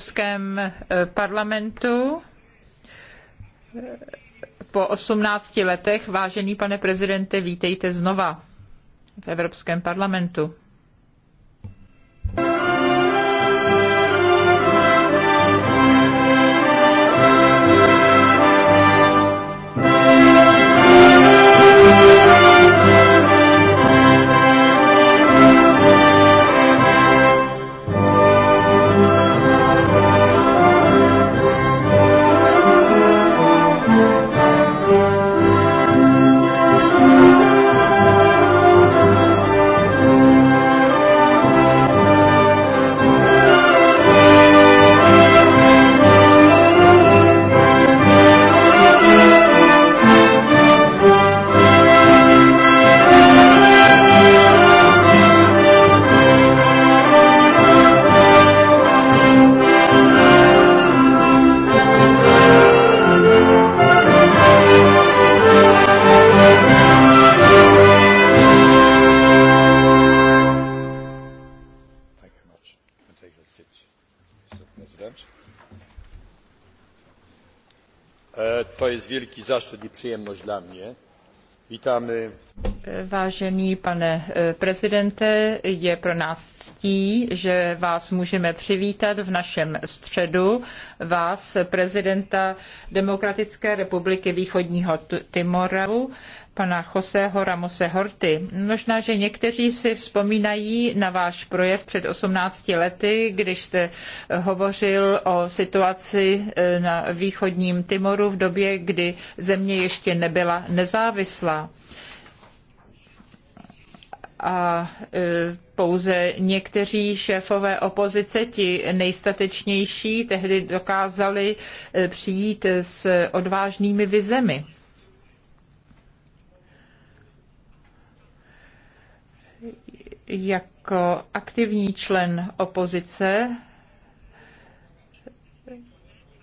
Evropském eh, parlamentu po 18 letech. Vážený pane prezidente, vítejte znova v Evropském parlamentu. zaszczyt Vážený pane eh, prezidente, je pro nás ctí, že vás můžeme přivítat v našem středu, vás, prezidenta Demokratické republiky východního Timoru, pana Joseho Ramose Horty. Možná, že někteří si vzpomínají na váš projev před 18 lety, když jste hovořil o situaci e, na východním Timoru v době, kdy země ještě nebyla nezávislá a e, pouze někteří šéfové opozice, ti nejstatečnější, tehdy dokázali e, přijít s odvážnými vizemi. jako aktivní člen opozice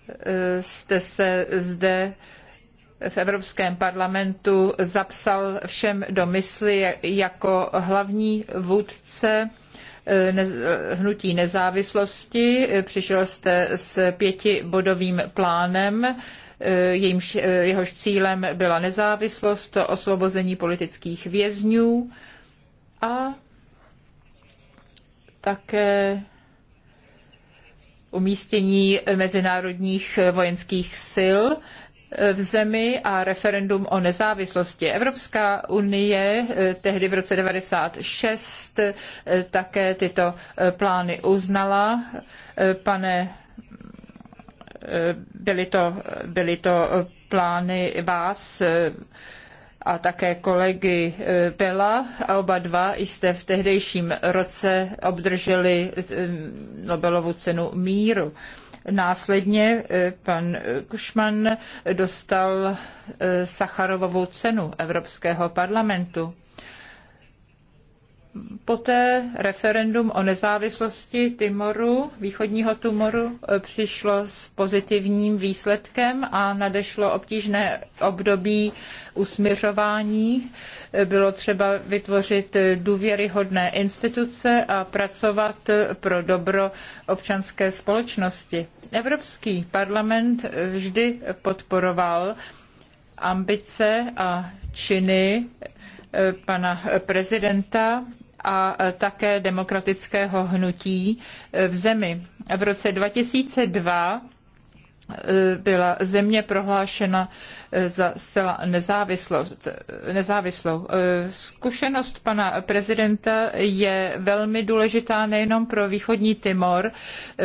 eh, jste se zde v Evropském parlamentu zapsal všem do mysli jako hlavní vůdce eh, eh, hnutí nezávislosti. Přišel jste s pětibodovým plánem, jejímž, jehož cílem byla nezávislost, osvobození politických vězňů a také umístění mezinárodních vojenských sil v zemi a referendum o nezávislosti. Evropská unie eh, tehdy v roce 96 eh, také tyto eh, plány uznala. Pane, byly to, byly to plány vás, a také kolegy eh, Pela A oba dva jste v tehdejším roce obdrželi eh, Nobelovu cenu míru. Následně eh, pan Kušman dostal Sacharovovu cenu Evropského parlamentu. Poté referendum o nezávislosti Timoru, východního Timoru, e, přišlo s pozitivním výsledkem a nadešlo obtížné období usměřování. E, bylo třeba vytvořit důvěryhodné instituce a pracovat pro dobro občanské společnosti. Evropský parlament vždy podporoval ambice a činy e, pana prezidenta a také demokratického hnutí v zemi. V roce 2002 Eh, byla země prohlášena eh, za zcela nezávislou. Eh, zkušenost pana prezidenta je velmi důležitá nejenom pro východní Timor.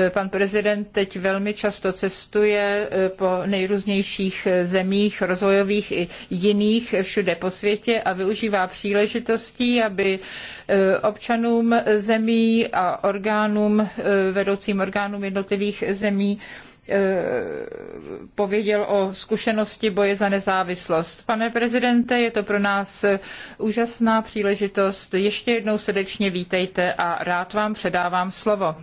Pan prezident teď velmi často cestuje po nejrůznějších zemích, rozvojových i jiných všude po světě a využívá příležitostí, aby občanům zemí a orgánům, vedoucím orgánům jednotlivých zemí Eh, pověděl o zkušenosti boje za nezávislost. Pane prezidente, je to pro nás úžasná příležitost. Ještě jednou srdečně vítejte a rád vám předávám slovo.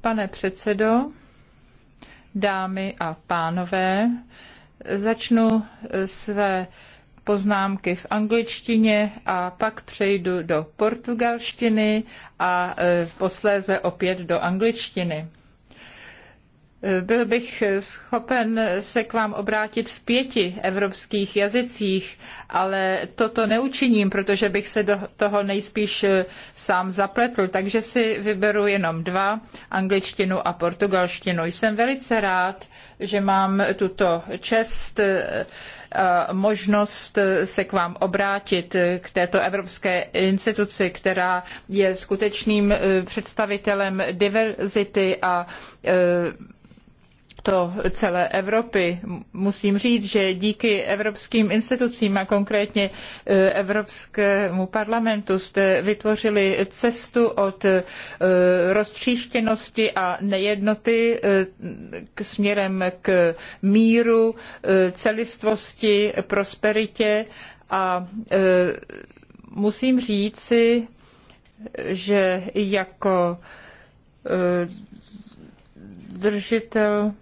Pane předsedo, dámy a pánové, začnu své poznámky v angličtině a pak přejdu do portugalštiny a e, posléze opět do angličtiny. Byl bych schopen se k vám obrátit v pěti evropských jazycích, ale toto neučiním, protože bych se do toho nejspíš eh, sám zapletl, takže si vyberu jenom dva, angličtinu a portugalštinu. Jsem velice rád, že mám tuto čest eh, možnost eh, se k vám obrátit k této evropské instituci, která je skutečným představitelem diverzity a to celé Evropy. Musím říct, že díky evropským institucím a konkrétně e, Evropskému parlamentu jste vytvořili cestu od e, roztříštěnosti a nejednoty e, k směrem k míru, celistvosti, prosperitě a musím říci, že jako držitel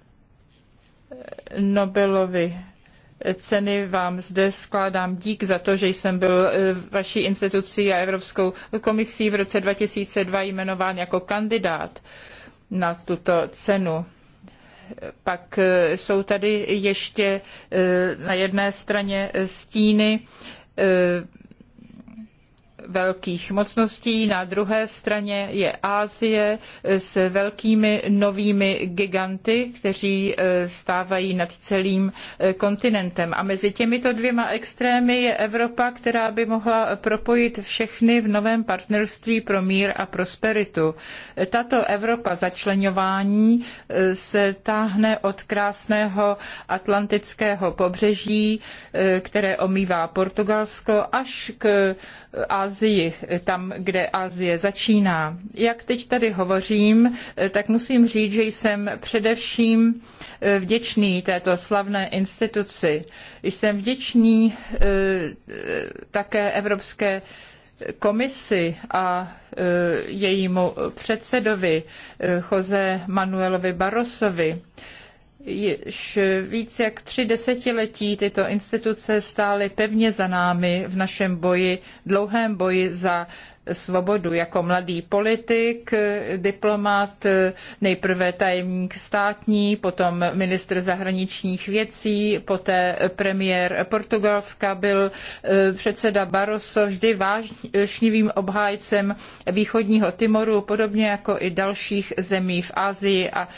Nobelovy ceny vám zde skládám dík za to, že jsem byl e, vaší institucí a Evropskou komisí v roce 2002 jmenován jako kandidát na tuto cenu. Pak e, jsou tady ještě e, na jedné straně stíny velkých mocností, na druhé straně je Asie s velkými novými giganty, kteří eh, stávají nad celým eh, kontinentem. A mezi těmito dvěma extrémy je Evropa, která by mohla propojit všechny v novém partnerství pro mír a prosperitu. Tato Evropa začlenování eh, se táhne od krásného atlantického pobřeží, které omývá Portugalsko, až k Asii Asii, tam, kde Asie začíná. Jak teď tady hovořím, tak musím říct, že jsem především eh, vděčný této slavné instituci. Jsem vděčný eh, také Evropské komisi a eh, jejímu předsedovi Jose Manuelovi Barrosovi již víc jak tři desetiletí tyto instituce stály pevně za námi v našem boji, dlouhém boji za svobodu. Jako mladý politik, diplomat, nejprve tajemník státní, potom ministr zahraničních věcí, poté premiér Portugalska byl eh, předseda Barroso vždy vášnivým obhájcem východního Timoru, podobně jako i dalších zemí v Asii a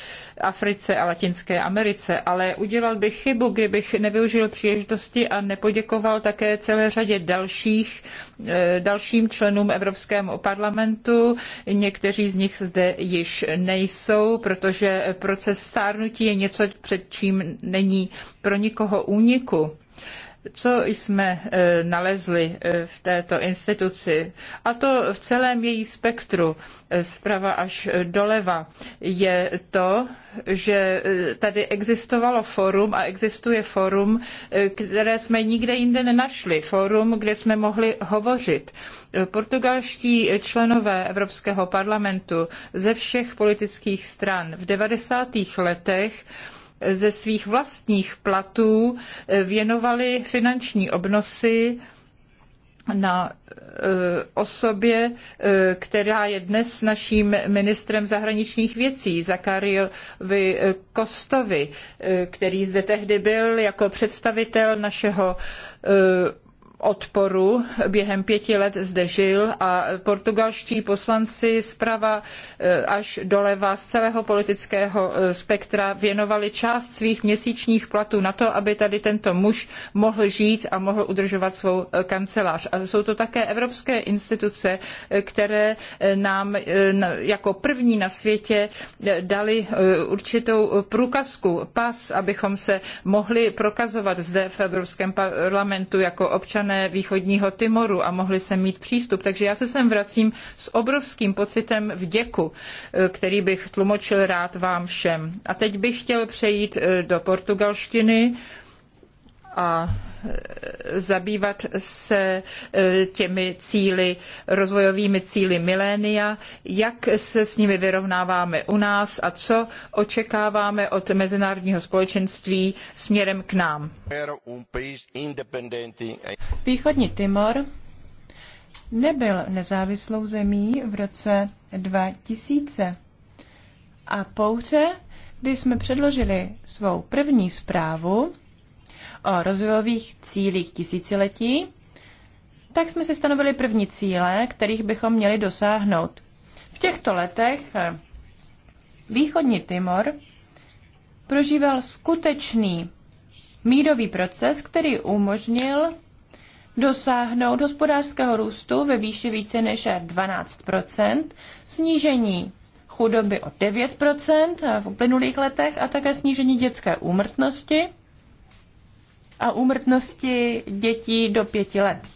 Africe a Latinské Americe. Ale udělal bych chybu, kdybych nevyužil příležitosti a nepoděkoval také celé řadě dalších, eh, dalším členům Evropské Evropskému parlamentu. Někteří z nich zde již nejsou, protože proces stárnutí je něco, před čím není pro nikoho úniku co jsme e, nalezli e, v této instituci, a to v celém její spektru, e, zprava až doleva, je to, že tady existovalo forum a existuje forum, které jsme nikde jinde nenašli, forum, kde jsme mohli hovořit. Portugalští členové Evropského parlamentu ze všech politických stran v 90. letech ze svých vlastních platů eh, věnovali finanční obnosy na eh, osobě, eh, která je dnes naším ministrem zahraničních věcí, Zakariovi Kostovi, který zde tehdy byl jako představitel našeho odporu během pěti let zde žil a portugalští poslanci zprava eh, až doleva z celého politického eh, spektra věnovali část svých měsíčních platů na to, aby tady tento muž mohl žít a mohl udržovat svou eh, kancelář. A jsou to také evropské instituce, které nám jako první na světě dali určitou průkazku, pas, abychom se mohli prokazovat zde v Evropském parlamentu jako občané občané východního Timoru a mohli sem mít přístup. Takže já se sem vracím s obrovským pocitem vděku, eh, který bych tlumočil rád vám všem. A teď bych chtěl přejít eh, do portugalštiny a zabývat se e, těmi cíly, rozvojovými cíly milénia, jak se s nimi vyrovnáváme u nás a co očekáváme od mezinárodního společenství směrem k nám. Východní Timor nebyl nezávislou zemí v roce 2000 a pouře, kdy jsme předložili svou první zprávu, o rozvojových cílích tisíciletí, tak jsme si stanovili první cíle, kterých bychom měli dosáhnout. V těchto letech eh, východní Timor prožíval skutečný mírový proces, který umožnil dosáhnout hospodářského růstu ve výši více než 12 snížení chudoby o 9 v uplynulých letech a také snížení dětské úmrtnosti a úmrtnosti dětí do pěti let.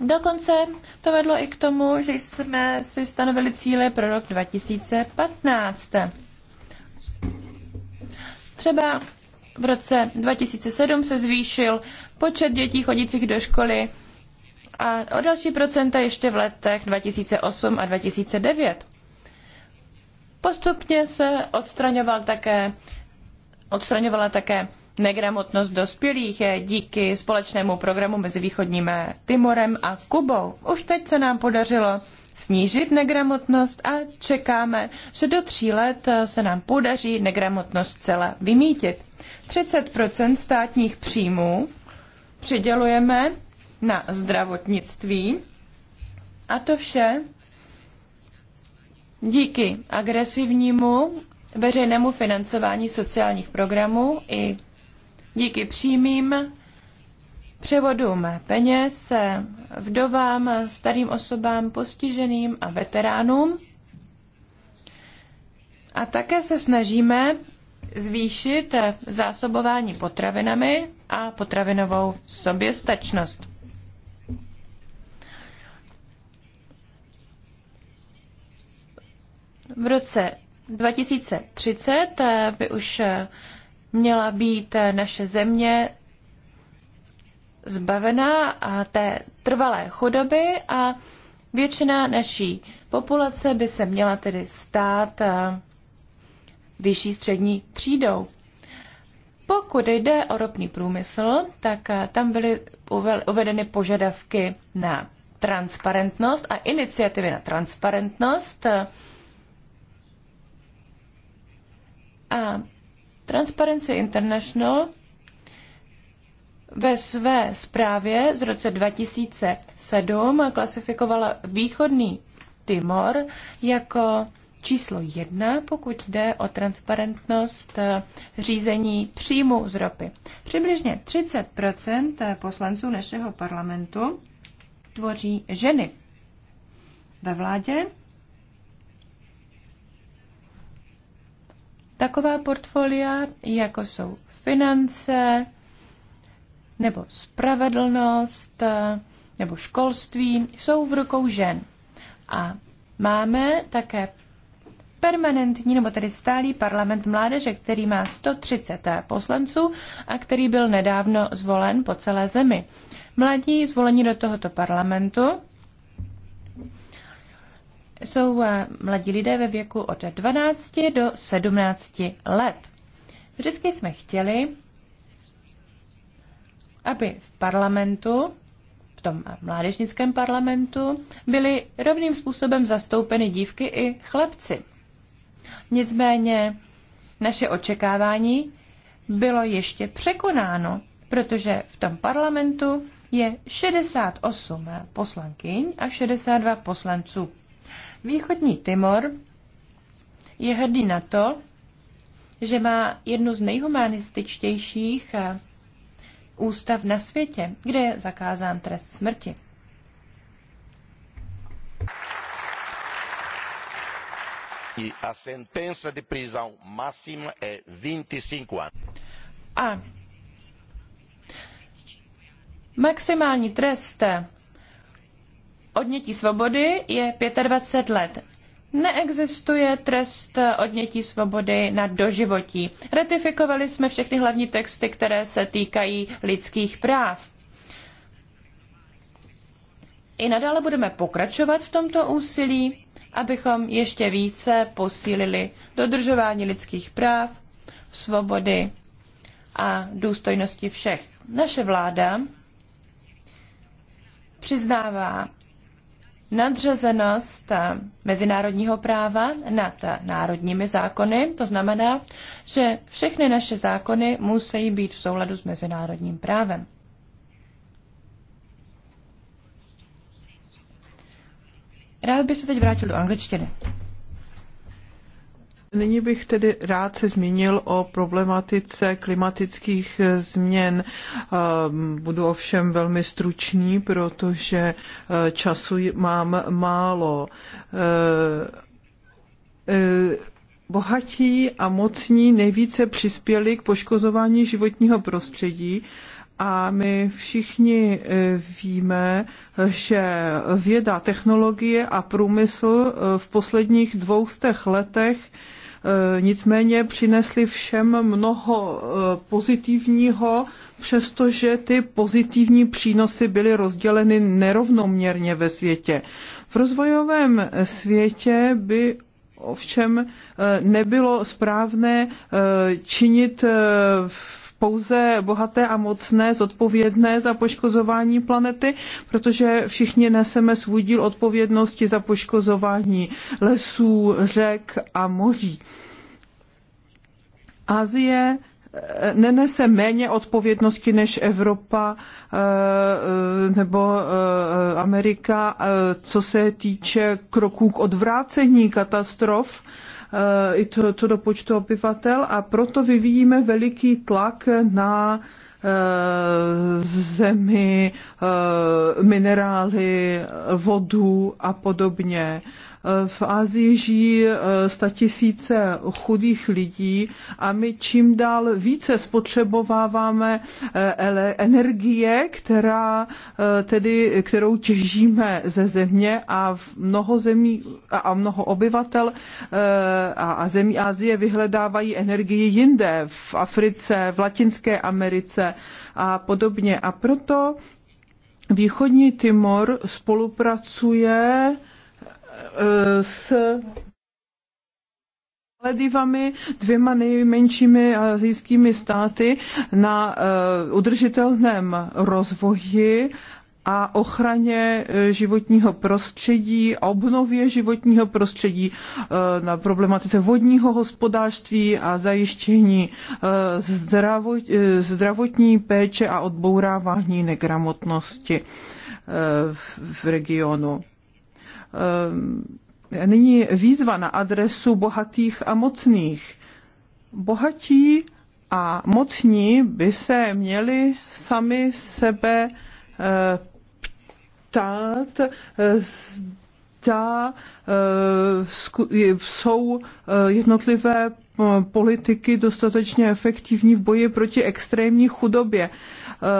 Dokonce to vedlo i k tomu, že jsme si stanovili cíle pro rok 2015. Třeba v roce 2007 se zvýšil počet dětí chodících do školy a o další procenta ještě v letech 2008 a 2009. Postupně se odstraňoval také odstraňovala také negramotnost dospělých eh, díky společnému programu mezi východním eh, Timorem a Kubou. Už teď se nám podařilo snížit negramotnost a čekáme, že do tří let eh, se nám podaří negramotnost celé vymítit. 30 státních příjmů přidělujeme na zdravotnictví a to vše díky agresivnímu veřejnému financování sociálních programů i díky přímým převodům peněz vdovám, starým osobám, postiženým a veteránům. A také se snažíme zvýšit zásobování potravinami a potravinovou soběstačnost. V roce 2030 eh, by už eh, měla být eh, naše země zbavená a té trvalé chudoby a většina naší populace by se měla tedy stát vyšší střední třídou. Pokud jde o ropný průmysl, tak tam byly uvedeny požadavky na transparentnost a iniciativy na transparentnost. A Transparency International ve své zprávě z roce 2007 klasifikovala východní Timor jako číslo jedna, pokud jde o transparentnost eh, řízení příjmu z ropy. Přibližně 30 poslanců našeho parlamentu tvoří ženy ve vládě taková portfolia, jako jsou finance, nebo spravedlnost, nebo školství, jsou v rukou žen. A máme také permanentní, nebo tedy stálý parlament mládeže, který má 130 poslanců a který byl nedávno zvolen po celé zemi. Mladí zvolení do tohoto parlamentu jsou eh, mladí lidé ve věku od 12 do 17 let. Vždycky jsme chtěli, aby v parlamentu, v tom mládežnickém parlamentu, byly rovným způsobem zastoupeny dívky i chlapci. Nicméně naše očekávání bylo ještě překonáno, protože v tom parlamentu je 68 poslankyň a 62 poslanců. Východní Timor je hrdý na to, že má jednu z nejhumanističtějších eh, ústav na světě, kde je zakázán trest smrti. E a sentença de prisão máxima é 25 e anos. A maximální trest odnětí svobody je 25 let. Neexistuje trest odnětí svobody na doživotí. Ratifikovali jsme všechny hlavní texty, které se týkají lidských práv. I nadále budeme pokračovat v tomto úsilí, abychom ještě více posílili dodržování lidských práv, svobody a důstojnosti všech. Naše vláda přiznává nadřazenost mezinárodního práva nad národními zákony. To znamená, že všechny naše zákony musí být v souladu s mezinárodním právem. Rád bych se teď vrátil do angličtiny. Nyní bych tedy rád se zmínil o problematice klimatických změn. Ehm, budu ovšem velmi stručný, protože eh, času mám málo eh, eh, bohatí a mocní nejvíce přispěli k poškozování životního prostředí a my všichni víme, že věda, technologie a průmysl v posledních dvoustech letech Eh, nicméně přinesly všem mnoho eh, pozitivního, přestože ty pozitivní přínosy byly rozděleny nerovnoměrně ve světě. V rozvojovém světě by ovšem eh, nebylo správné činit v pouze bohaté a mocné zodpovědné za poškozování planety, protože všichni neseme svůj díl odpovědnosti za poškozování lesů, řek a moří. Azie eh, nenese méně odpovědnosti než Evropa eh, eh, nebo Amerika, co se týče kroků k odvrácení katastrof i to, to do počtu obyvatel a proto vyvíjíme veliký tlak na eh, zemi Eh, minerály, vodu a podobně. Eh, v Ázii žijí eh, statisíce chudých lidí a my čím dál více spotřebováváme energie, která, tedy, kterou těžíme ze země a v mnoho zemí a mnoho obyvatel a zemí Asie vyhledávají energii jinde, v Africe, v Latinské Americe a podobně. A proto Východní Timor spolupracuje e, s Maledivami, dvěma nejmenšími azijskými státy na e, udržitelném rozvoji a ochraně e, životního prostředí, obnově životního prostředí, e, na problematice vodního hospodářství a zajištění e, zdravotní péče a odbourávání negramotnosti v regionu. Nyní výzva na adresu bohatých a mocných. Bohatí a mocní by se měli sami sebe stát eh, zda eh, jsou eh, jednotlivé politiky dostatečně efektivní v boji proti extrémní chudobě. Eh,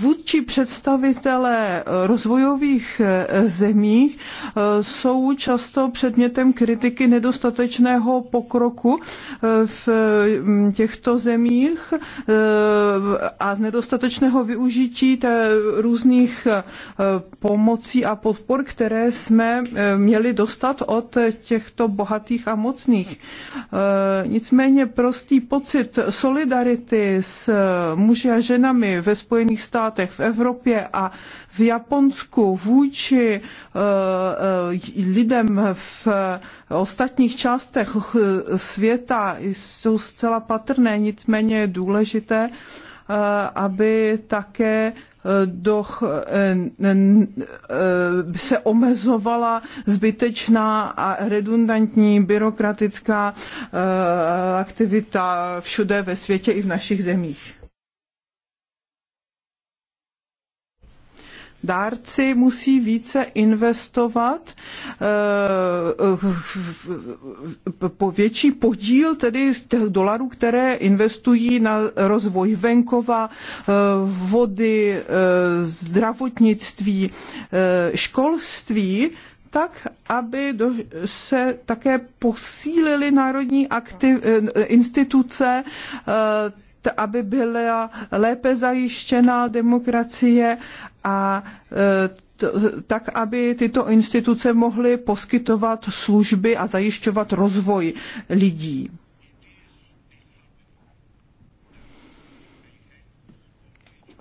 vůdčí představitelé rozvojových eh, zemích eh, jsou často předmětem kritiky nedostatečného pokroku v mm, těchto zemích a z nedostatečného využití té různých pomocí a podpor, které jsme měli dostat od těchto bohatých a mocných. Nicméně prostý pocit solidarity s muži a ženami ženami ve Spojených státech, v Evropě a v Japonsku vůči eh, eh, lidem v ostatních částech světa jsou zcela patrné, nicméně je důležité, eh, aby také doch, se omezovala zbytečná a redundantní byrokratická aktivita všude ve světě i v našich zemích. dárci musí více investovat eh, po větší podíl tedy z těch dolarů, které investují na rozvoj venkova, eh, vody, eh, zdravotnictví, školství, tak, aby do, se také posílily národní aktiv, instituce aby byla lépe zajištěna demokracie a e, tak, aby tyto instituce mohly poskytovat služby a zajišťovat rozvoj lidí.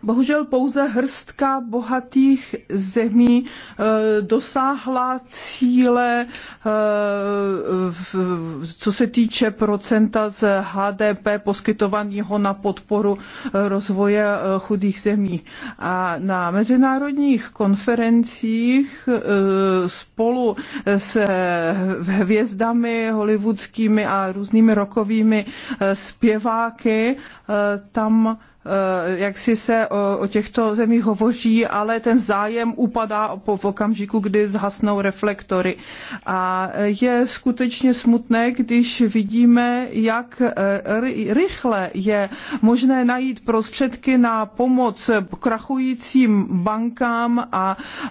Bohužel pouze hrstka bohatých zemí eh, dosáhla cíle, eh, co se týče procenta z HDP poskytovaného na podporu eh, rozvoje chudých zemí. A na mezinárodních konferencích spolu s hvězdami hollywoodskými a různými rokovými zpěváky tam Eh, jak si se o, o těchto zemích hovoří, ale ten zájem upadá po, v okamžiku, kdy zhasnou reflektory. A je skutečně smutné, když vidíme, jak eh, rychle je možné najít prostředky na pomoc krachujícím bankám a eh,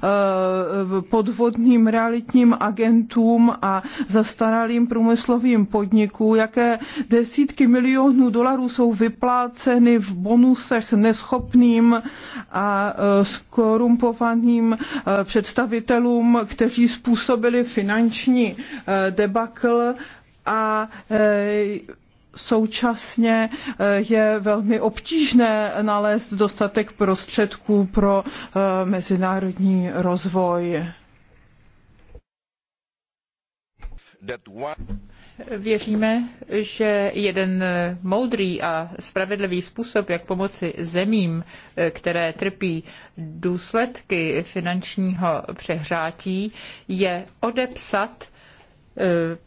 podvodným realitním agentům a zastaralým průmyslovým podnikům, jaké desítky milionů dolarů jsou vypláceny v bonu bonusech neschopným a e, skorumpovaným e, představitelům, kteří způsobili finanční e, debakl a současně je velmi obtížné nalézt dostatek prostředků pro mezinárodní rozvoj. Věříme, že jeden moudrý a spravedlivý způsob, jak pomoci zemím, které trpí důsledky finančního přehrátí, je odepsat eh,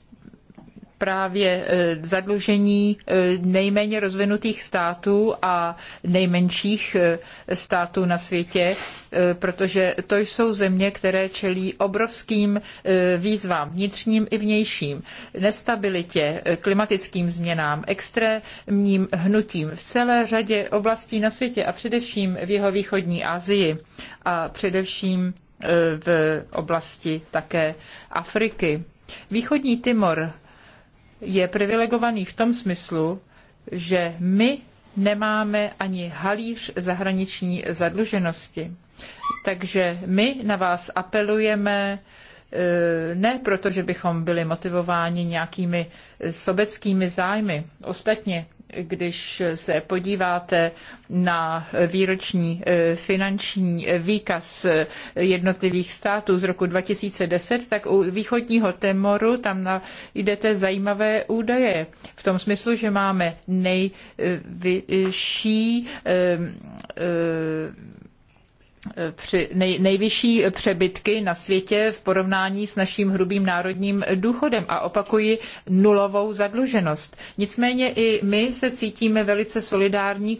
právě e, zadlužení e, nejméně rozvinutých států a nejmenších e, států na světě, protože to jsou země, které čelí obrovským výzvám vnitřním i vnějším, nestabilitě, klimatickým změnám, extrémním hnutím v celé řadě oblastí na světě a především v jeho východní Asii a především v oblasti také Afriky. Východní Timor je privilegovaný v tom smyslu, že my nemáme ani halíř zahraniční zadluženosti. Takže my na vás apelujeme, e, ne proto, že bychom byli motivováni nějakými sobeckými zájmy. Ostatně když se podíváte na výroční e, finanční e, výkaz e, jednotlivých států z roku 2010, tak u východního Temoru tam najdete zajímavé údaje. V tom smyslu, že máme nejvyšší při nejvyšší přebytky na světě v porovnání s naším hrubým národním důchodem a opakuji nulovou zadluženost. Nicméně i my se cítíme velice solidární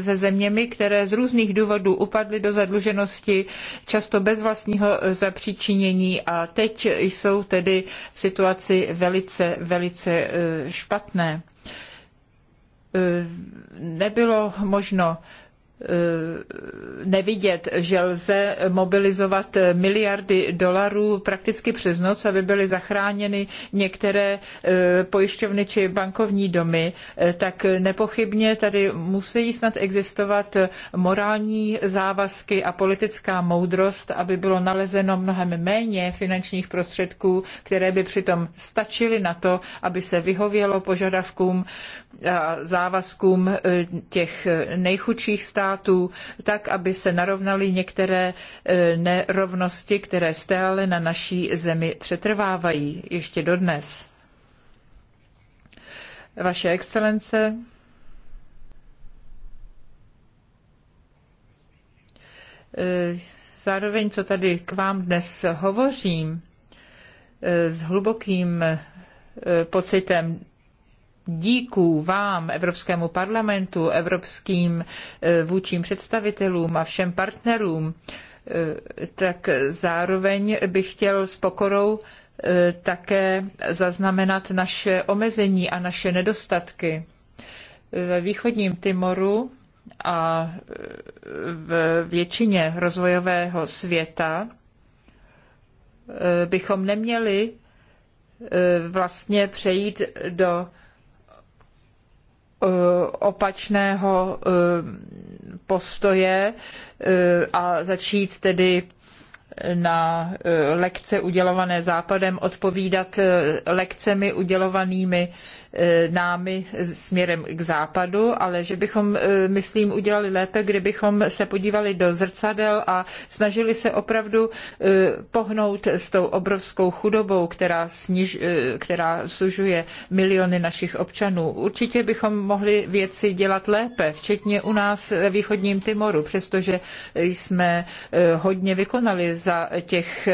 se zeměmi, které z různých důvodů upadly do zadluženosti, často bez vlastního zapříčinění a teď jsou tedy v situaci velice, velice eh, špatné. Eh, nebylo možno Eh, nevidět, že lze mobilizovat miliardy dolarů prakticky přes noc, aby byly zachráněny některé eh, pojišťovny či bankovní domy, eh, tak nepochybně tady musí snad existovat morální závazky a politická moudrost, aby bylo nalezeno mnohem méně finančních prostředků, které by přitom stačily na to, aby se vyhovělo požadavkům a závazkům těch nejchudších států, států, tak, aby se narovnaly některé e, nerovnosti, které stále na naší zemi přetrvávají ještě dodnes. Vaše excelence, e, zároveň, co tady k vám dnes hovořím, e, s hlubokým pocitem díků vám, Evropskému parlamentu, evropským eh, vůčím představitelům a všem partnerům, eh, tak zároveň bych chtěl s pokorou eh, také zaznamenat naše omezení a naše nedostatky. Ve východním Timoru a v většině rozvojového světa bychom neměli vlastně přejít do Eh, opačného eh, postoje eh, a začít tedy na lekce udělované Západem odpovídat lekcemi udělovanými E, námi směrem k západu, ale že bychom, e, myslím, udělali lépe, kdybychom se podívali do zrcadel a snažili se opravdu e, pohnout s tou obrovskou chudobou, která, sniž, která sužuje miliony našich občanů. Určitě bychom mohli věci dělat lépe, včetně u nás ve východním Timoru, přestože jsme hodně vykonali za těch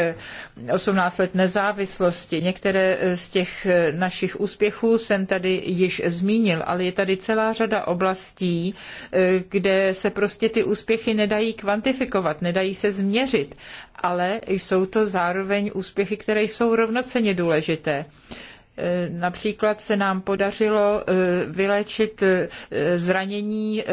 18 let nezávislosti. Některé z těch našich úspěchů jsem tady již zmínil, ale je tady celá řada oblastí, eh, kde se prostě ty úspěchy nedají kvantifikovat, nedají se změřit, ale jsou to zároveň úspěchy, které jsou rovnoceně důležité. Eh, například se nám podařilo eh, vyléčit zranění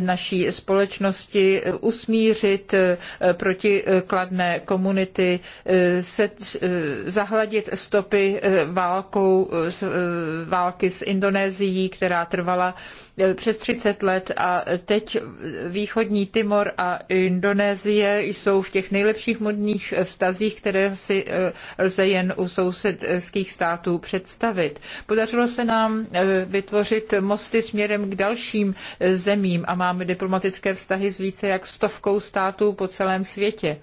naší společnosti, usmířit eh, protikladné komunity, eh, se, eh, zahladit stopy válkou, války s Indonésií, která trvala přes 30 let a teď východní Timor a Indonésie jsou v těch nejlepších modních vztazích, které si lze jen u sousedských států představit. Podařilo se nám vytvořit mosty směrem k dalším zemím a máme diplomatické vztahy s více jak stovkou států po celém světě.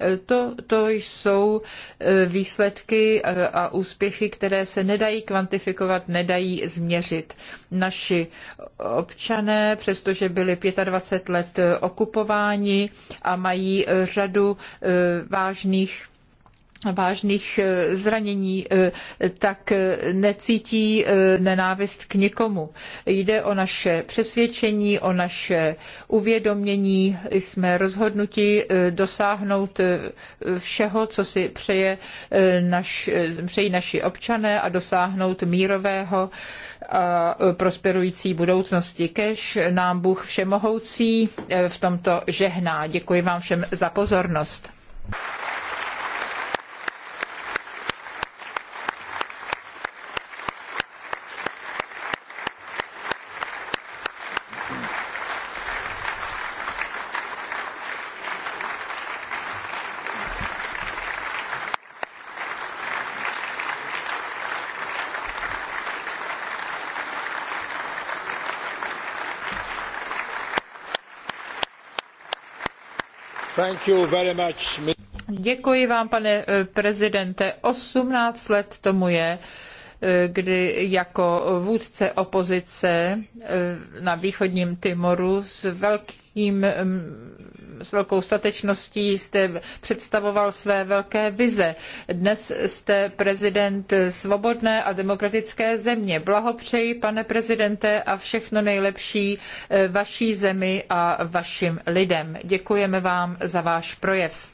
E, to, to jsou e, výsledky e, a úspěchy, které se nedají kvantifikovat, nedají změřit. Naši občané, přestože byli 25 let okupováni a mají řadu vážných vážných eh, zranění, eh, tak eh, necítí nenávist k nikomu. Jde o naše přesvědčení, o naše uvědomění. Jsme rozhodnuti dosáhnout všeho, co si přeje naš, přejí naši občané a dosáhnout mírového a prosperující budoucnosti. Kež nám Bůh všemohoucí v tomto žehná. Děkuji vám všem za pozornost. Děkuji vám, pane eh, prezidente. 18 let tomu je, eh, kdy jako vůdce opozice eh, na východním Timoru s velkým mm, s velkou statečností jste představoval své velké vize. Dnes jste prezident svobodné a demokratické země. Blahopřeji, pane prezidente, a všechno nejlepší eh, vaší zemi a vašim lidem. Děkujeme vám za váš projev.